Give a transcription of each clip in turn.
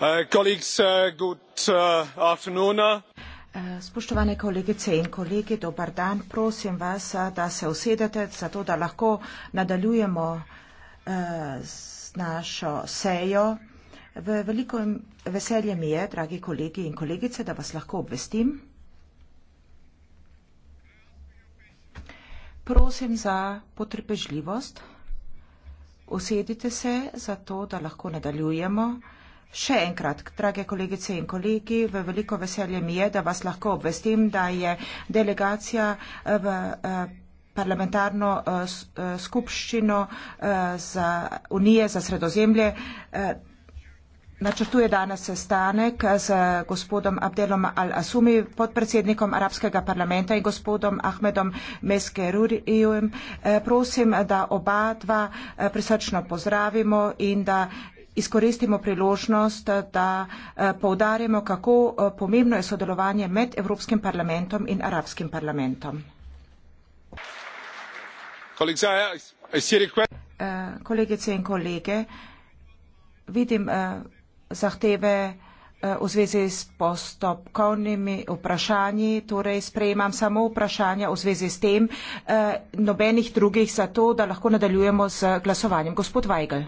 Uh, uh, uh, eh, spoštovane kolegice in kolegi, dobar dan. Prosim vas, eh, da se usedete, zato da lahko nadaljujemo eh, z našo sejo. V veliko veselje mi je, dragi kolegi in kolegice, da vas lahko obvestim. Prosim za potrpežljivost. Usedite se, zato da lahko nadaljujemo. Še enkrat, drage kolegice in kolegi, v veliko veselje mi je, da vas lahko obvestim, da je delegacija eh, v eh, parlamentarno eh, skupščino za Unije za sredozemlje načrtuje danes sestanek z gospodom Abdelom Al-Asumi, podpredsednikom Arabskega parlamenta in gospodom Ahmedom Meskerurijem. Prosim, da oba dva prisrčno pozdravimo in da izkoristimo priložnost, da eh, poudarjamo, kako eh, pomembno je sodelovanje med Evropskim parlamentom in Arabskim parlamentom. Eh, kolegice in kolege, vidim zahteve v zvezi s postopkovnimi vprašanji, torej sprejemam samo vprašanja v zvezi s tem, nobenih drugih za to, da lahko nadaljujemo z glasovanjem. Gospod Weigl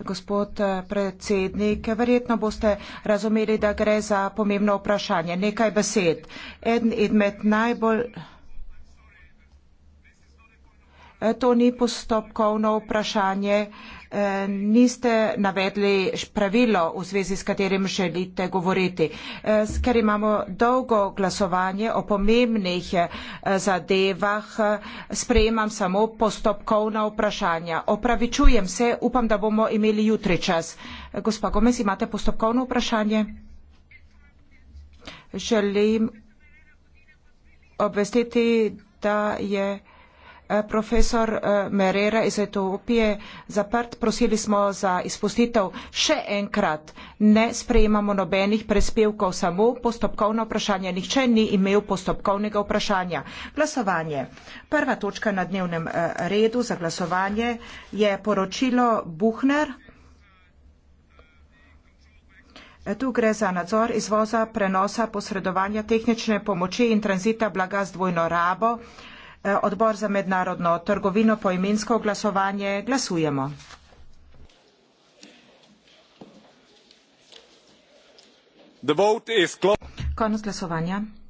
gospod eh, predsednik. Verjetno boste razumeli, da gre za pomembno vprašanje. Nekaj besed. Eden izmed najbolj Eh, to ni postopkovno vprašanje. Eh, niste navedli pravilo, v zvezi s katerim želite govoriti. Eh, ker imamo dolgo glasovanje o pomembnih zadevah, sprejemam samo postopkovna vprašanja. Opravičujem se, upam, da bomo imeli jutri čas. Gospa Gomez, imate postopkovno vprašanje? Želim obvestiti, da je. Eh, profesor eh, Merera iz Etiopije zaprt, prosili smo za izpustitev. Še enkrat, ne sprejemamo nobenih prespevkov, samo postopkovno vprašanje. Nihče ni imel postopkovnega vprašanja. Glasovanje. Prva točka na dnevnem eh, redu za glasovanje je poročilo Buhner. Tu gre za nadzor izvoza, prenosa, posredovanja tehnične pomoči in tranzita blaga z dvojno rabo odbor za mednarodno trgovino po imensko glasovanje. Glasujemo. Konec glasovanja.